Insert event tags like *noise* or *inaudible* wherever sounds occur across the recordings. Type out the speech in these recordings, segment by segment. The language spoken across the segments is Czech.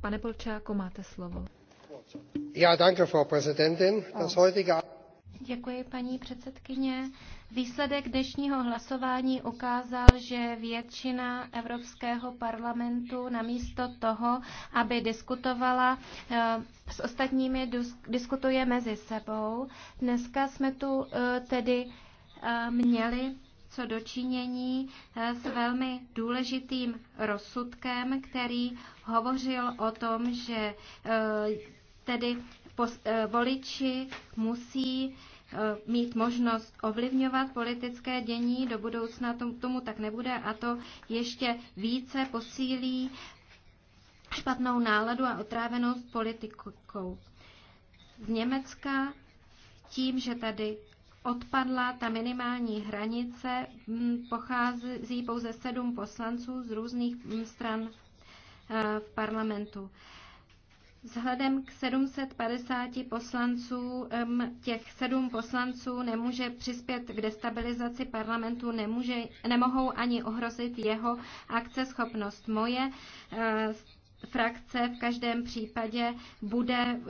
Pane Polčáku, máte slovo. Ja, danke, Frau Präsidentin. Das oh. heutige Děkuji, paní předsedkyně. Výsledek dnešního hlasování ukázal, že většina Evropského parlamentu namísto toho, aby diskutovala eh, s ostatními, diskutuje mezi sebou. Dneska jsme tu eh, tedy eh, měli co dočinění eh, s velmi důležitým rozsudkem, který hovořil o tom, že eh, tedy eh, voliči musí mít možnost ovlivňovat politické dění. Do budoucna tomu tak nebude a to ještě více posílí špatnou náladu a otrávenost politikou. Z Německa tím, že tady odpadla ta minimální hranice, mm, pochází pouze sedm poslanců z různých mm, stran eh, v parlamentu. Vzhledem k 750 poslanců, těch sedm poslanců nemůže přispět k destabilizaci parlamentu, nemůže, nemohou ani ohrozit jeho akceschopnost. Moje eh, frakce v každém případě bude e,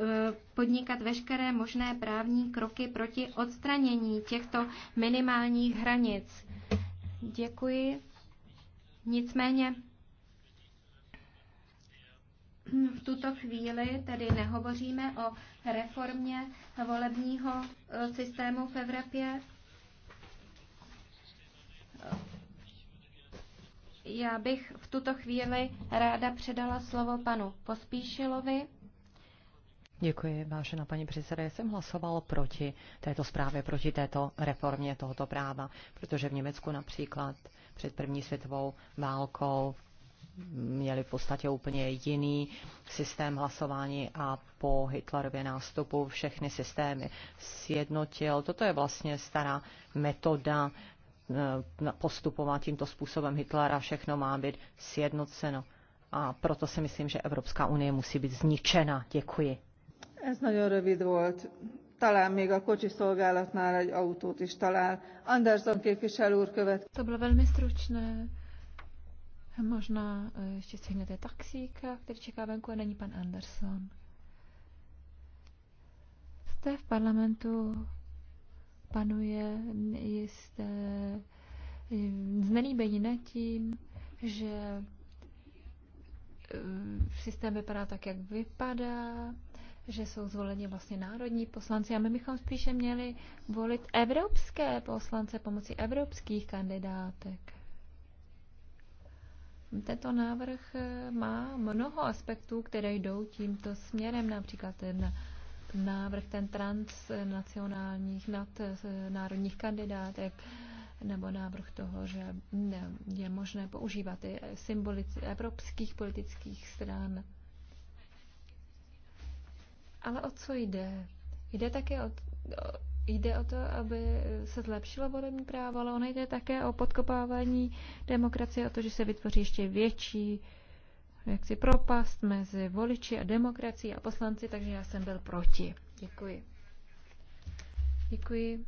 podnikat veškeré možné právní kroky proti odstranění těchto minimálních hranic. Děkuji. Nicméně v tuto chvíli tedy nehovoříme o reformě volebního e, systému v Evropě, Já bych v tuto chvíli ráda předala slovo panu Pospíšilovi. Děkuji, vážená paní předseda. Já jsem hlasoval proti této zprávě, proti této reformě tohoto práva, protože v Německu například před první světovou válkou měli v podstatě úplně jiný systém hlasování a po Hitlerově nástupu všechny systémy sjednotil. Toto je vlastně stará metoda Eh, postupovat tímto způsobem Hitlera, všechno má být sjednoceno. A proto si myslím, že Evropská unie musí být zničena. Děkuji. Ez nagyon rövid volt. Talán még a kocsi szolgálatnál egy autót is talál. Anderson képviselő úr követ. To bylo velmi stručné. Možná eh, ještě stihnete taxíka, který čeká venku a není pan Anderson. Jste v parlamentu panuje jisté eh, znelíbení nad tím, že eh, systém vypadá tak, jak vypadá, že jsou zvoleni vlastně národní poslanci a my bychom spíše měli volit evropské poslance pomocí evropských kandidátek. Tento návrh eh, má mnoho aspektů, které jdou tímto směrem, například ten návrh ten transnacionálních, nadnárodních eh, kandidátek, nebo návrh toho, že je možné používat i symboly evropských politických stran. Ale o co jde? Jde také o, jde o to, aby se zlepšilo volební právo, ale ono jde také o podkopávání demokracie, o to, že se vytvoří ještě větší jaksi propast mezi voliči a demokracií a poslanci, takže já jsem byl proti. Děkuji. Děkuji.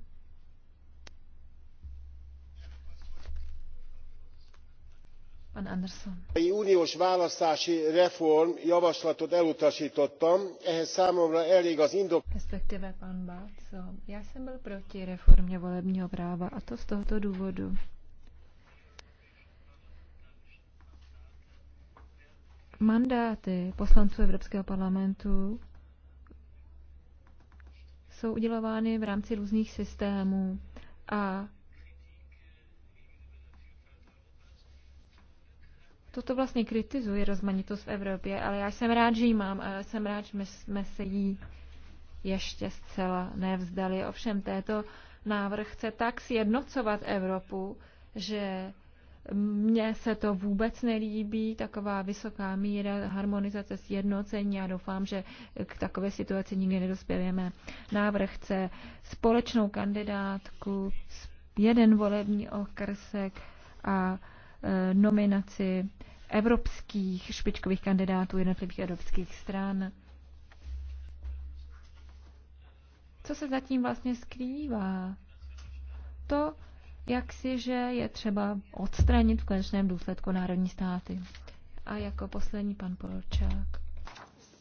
Pan Anderson. A uniós választási reform javaslatot elutasítottam, ehhez számomra elég az indok... Respektive pan Balco, já jsem byl proti reformě volebního práva a to z tohoto důvodu. mandáty poslanců Evropského parlamentu jsou udělovány v rámci různých systémů a Toto vlastně kritizuje rozmanitost v Evropě, ale já jsem rád, že ji mám a jsem rád, že jsme se jí ještě zcela nevzdali. Ovšem, této návrh chce tak sjednocovat Evropu, že mně se to vůbec nelíbí, taková vysoká míra harmonizace, s jednocení a doufám, že k takové situaci nikdy nedospějeme. Návrh chce společnou kandidátku, jeden volební okrsek a e, nominaci evropských špičkových kandidátů jednotlivých evropských stran. Co se zatím vlastně skrývá? To, jak si, že je třeba odstranit v konečném důsledku národní státy. A jako poslední pan Polčák.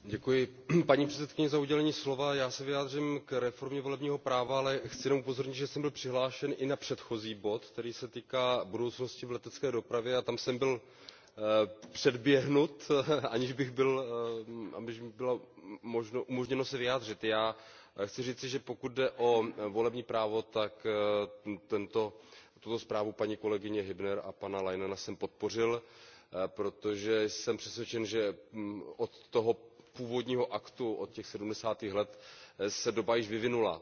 Děkuji, paní předsedkyně za udělení slova. já se vyjádřím k reformě volebního práva ale chci jenom upozornit že jsem byl přihlášen i na předchozí bod který se týká budoucnosti v letecké dopravě a tam jsem byl eh, předběhnut *laughs* aniž bych byl, eh, aniž byla umožněno se vyjádřit. já eh, chci říci že pokud jde o eh, volební právo tak eh, tuto zprávu paní kolegyně hbnerové a pana leinena jsem podpořil protože jsem přesvědčen že mm, od toho původního aktu od těch sedmdesátých let se doba již vyvinula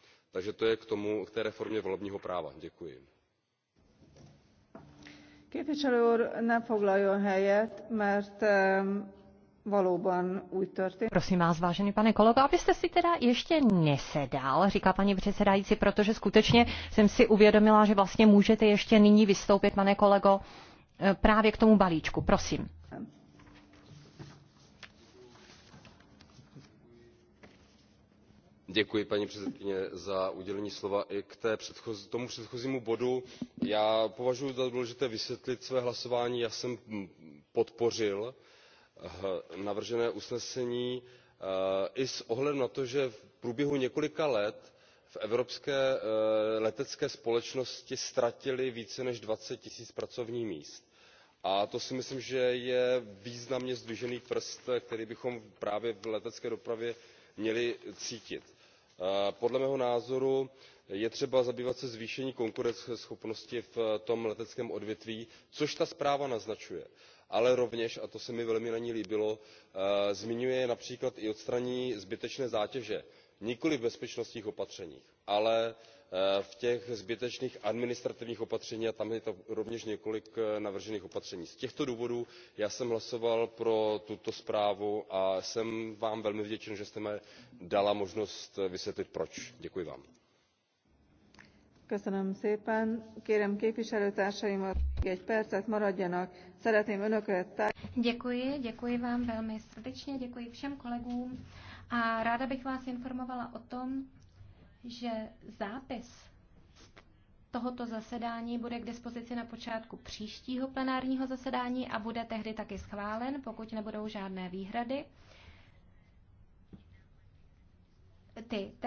takže to je k té reformě volebního práva. děkuji. képviselő úr ne foglaljon helyet mert valóban úgy történt. Prosím vás, vážený pane kolego, abyste si teda ještě nesedal, říká paní předsedající, protože skutečně jsem si uvědomila, že vlastně můžete ještě nyní vystoupit, pane kolego, e, právě k tomu balíčku. Prosím. Děkuji paní předsedající za udělení slova. I k tomu předchozímu bodu já považuji za důležité vysvětlit své hlasování. Já jsem podpořil eh, navržené usnesení eh, i s ohledem na to že v průběhu několika let v evropské eh, letecké společnosti ztratily více než twenty tisíc pracovních míst a to si myslím že je významně zdvižený prst který bychom právě v letecké dopravě měli cítit podle mého názoru je třeba zabývat se zvýšením konkurenceschopnosti v tom leteckém odvětví což ta zpráva naznačuje ale rovněž a to se mi velmi na ní líbilo e, zmiňuje například i odstranění zbytečné zátěže nikoli v bezpečnostních opatřeních ale eh, v těch zbytečných administrativních opatřeních a tam je rovněž několik eh, navržených opatření. z těchto důvodů jsem hlasoval pro tuto zprávu a jsem vám velmi vděčen že jste mi dala možnost eh, vysvětlit proč. děkuji vám. Děkuji, děkuji vám velmi srdečně, děkuji všem kolegům a ráda bych vás informovala o tom, že zápis tohoto zasedání bude k dispozici na počátku příštího plenárního zasedání a bude tehdy taky schválen, pokud nebudou žádné výhrady. Ty